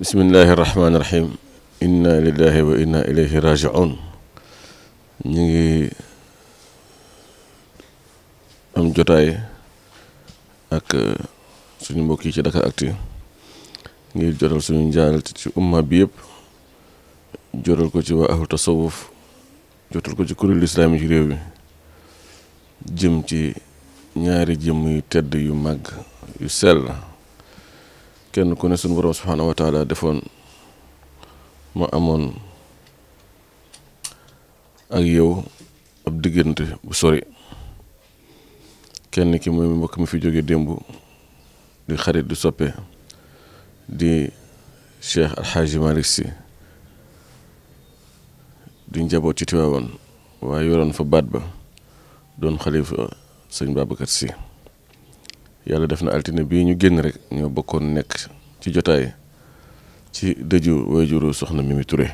bismillahi rahmaani rahim inna lillahi wa inna ilayhi rajiun ñu ngi am jotaay ak uh, suñu mbokk yi ci Dakaractu ngir jotal suñu njaal ci umma bi yëpp jotal ko ci waa ahlu tasawuf jotal ko ci kuréelu islaam yi ci réew mi jëm ci ñaari jëm yu tedd yu màgg yu sell kenn ku ne suñu borom subhaanahu wa defoon ma amoon ak yow ab diggante bu sori kenn ki mooy mbokk mi fi jóge démb di xarit di soppe di cheikh alxaaji Malick si di njaboot ci Tiwaawoon waaye yoroon fa baat ba doon xalifa sëñ Babacar si yàlla def na altine bii ñu génn rek ñoo bokkoon nekk ci jotaay ci dëju wayjuru soxna Mimi Touré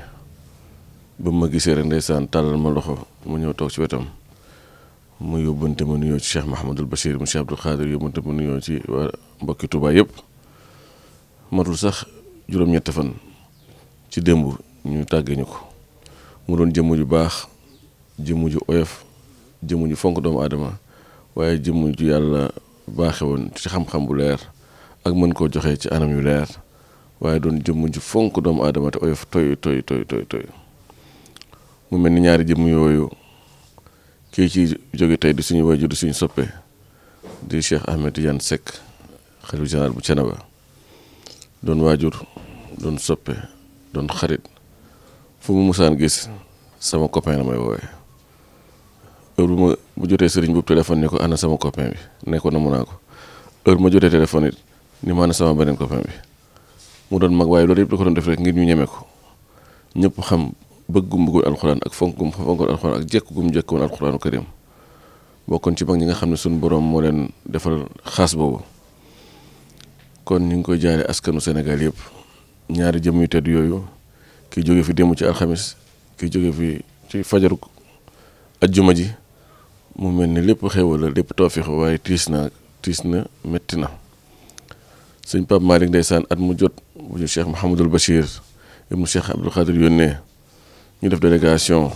ba ma gisee rek ndeysaan tàllal ma loxo mu ñëw toog ci wetam mu yóbbante ma nuyoo Cheikh Mahamadul Bachir mu Cheikh Abdul Xaadir yóbbante ma nuyoo ci waa mbokki Touba yëpp matul sax juróom-ñetti fan ci démb ñu tàggee ñu ko mu doon jëmm ju baax jëmm ju oyof jëmm ju fonk doomu aadama waaye jëmm ju yàlla baaxe woon ci xam-xam bu leer ak mën koo joxe ci anam yu leer waaye doon jëmm ju fonk doomu aadama te oyof toy toy toy toy toy mu mel ni ñaari jëmm yooyu kii ci jóge tey di suñu wajur di suñu soppe di Cheikh Ahmed Tidiane Seck xalifa général bu Thiénaba doon waajur doon soppe doon xarit fu mu musaan gis sama copain la may woowee heure bu ma bu jotee sëriñ boobu téléphone ni ko ana sama copain bi nekkoon na mun a ko heure bu ma jotee téléphone it ni ma ana sama beneen copain bi mu doon mag waaye loolu yëpp da ko doon def rek ngir ñu ñeme ko ñëpp xam gum bëggul alxuraan ak fonkum fonkoon alxuraan ak jekk gum jekkoon alxuraanu karim bokkoon ci mag ñi nga xam ne suñu boroom moo leen defal xaas boobu kon ni ngi koy jaare askanu senegal yëpp ñaari jëm yu tedd yooyu ki jóge fi démb ci alxamis ki jóge fi ci fajaruk ajjuma ji mu mel ni lépp xéwal la lépp toofixu waaye tiis na tiis na metti na sëñ Pape Malick ndeysaan at mu jot bu ñu Cheikh Mouhamadul Bachir ibnu yónnee ñu def délégation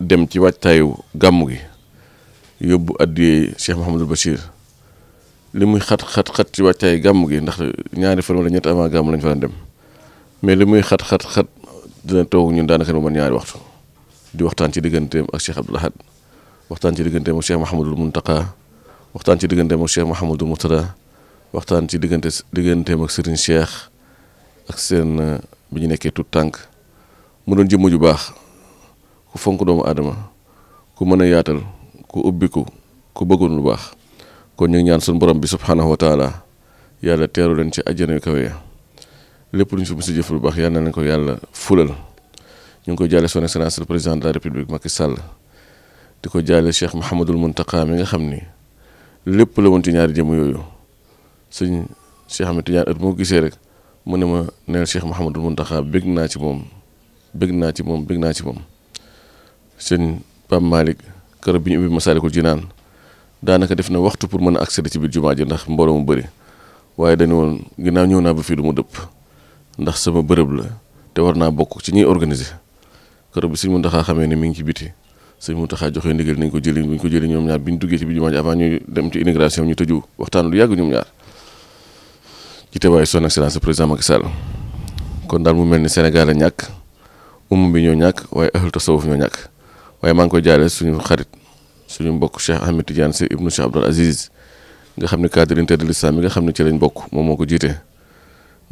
dem ci waajtaayu gàmmu gi yóbbu addiyee Cheikh Mouhamadul Bachir li muy xat xat xat ci waajtaayu gàmm gi ndax ñaari fan wala ñetti avant gàmmu lañu fa dem mais li muy xat xat xat dina toog ñun daanaka lu mën ñaari waxtu di waxtaan ci digganteem ak Cheikh Abdoul waxtaan ci diggante mu Cheikh Mahamadul Muntaka waxtaan ci diggante mu Cheikh Mahamadul Murtada waxtaan ci diggante digganteem ak Serigne Cheikh ak seen bi ñu nekkee tut tànk mu doon jëmm ju baax ku fonk doomu aadama ku mën a yaatal ku ubbiku ku bëggoon lu baax kon ñu ñaan suñu borom bi subhaanahu wa taala yàlla teeru leen ci àjjana yu kawe lépp lu ñu fi mos a jëf lu baax yàlla na leen ko yàlla fulal ñu ngi koy jàlle son excellence le président de la république Macky Sall di ko jaale Cheikh Mouhamadul Mountakha mi nga xam ni lépp la woon ci ñaari jëmm yooyu sëñ Cheikh Ahmed Tidiane moo gisee rek mu ne ma neel Cheikh Mouhamadul Mountakha bég naa ci moom bég naa ci moom bég naa ci moom sëñ Pape Malick kër bi ñu ubbi Masaalikul Jinaan daanaka def na waxtu pour mën a accéder ci biir jumaa ji ndax mbooloo mu bëri waaye dañu woon ginnaaw ñëw naa ba fii lu mu dëpp ndax sama bërëb la te war naa bokk ci ñuy organiser kër bi sëñ Mountakha xamee ne mi ngi ci biti sëñ Mountakha joxe ndigal nañ ko jëli ko jëli ñoom ñaar bi ñu duggee ci biir jumaa ji avant ñuy dem ci inauguration ñu tëju waxtaan lu yàgg ñoom ñaar ci teewaayu son excellence président Macky Sall kon daal mu mel ni Sénégal ñàkk umma bi ñoo ñàkk waaye ahlu tasawuf ñoo ñàkk waaye maa ngi koy jaaree suñu xarit suñu mbokk Cheikh Ahmed Tidiane Sy ibnu Cheikh Abdoul Aziz nga xam ne cadre unitaire de l'islam mi nga xam ne ci lañ bokk moom moo ko jiite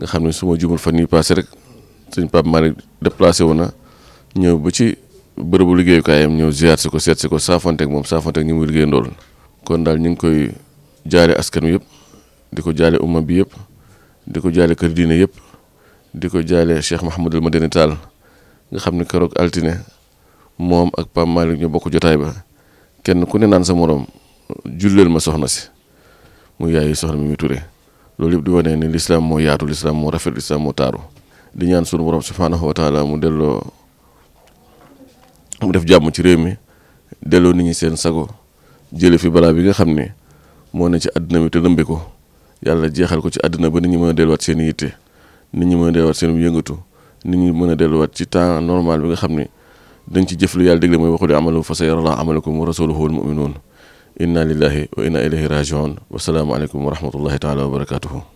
nga xam ne su ma fan yii passé rek suñ Pape Malick déplacé wu na bërëbu liggéeyukaayam ñëw ziar si ko seet si ko saafanteeg moom saafanteeg ñi muy liggéey ndool kon daal ñu ngi koy jaale askan wi yëpp di ko jaale umma bi yëpp di ko jaale kër diine yëpp di ko jaale Cheikh Mahamadul Madani Tall nga xam ne keroog altine moom ak Pape Malick ñu bokk jotaay ba kenn ku ne naan sa moroom julleel ma soxna si mu yaayu soxna mi mu ture loolu yëpp di wane ni lislaam moo yaatu lislaam moo rafet lislaam moo taaru di ñaan sunu borom subhaanahu wa mu delloo mu def jàmm ci réew mi delloo nit ñi seen sago jële fi balaa bi nga xam ne moo ne ci àddina bi te lëmbe ko yàlla jeexal ko ci àddina ba nit ñi mën a delluwaat seen yitte nit ñi mën a delluwaat seen yëngatu nit ñi mën a delluwaat ci temps normal bi nga xam ne dañ ci jëf lu yàlla dégle mooy waxu di amalu fa sayarallahu amalakum wa rasuluhu wal muminuun inna lillahi wa inna ilayhi rajiun wasalaamualeykum wa rahmatullahi taala wa barakatuhu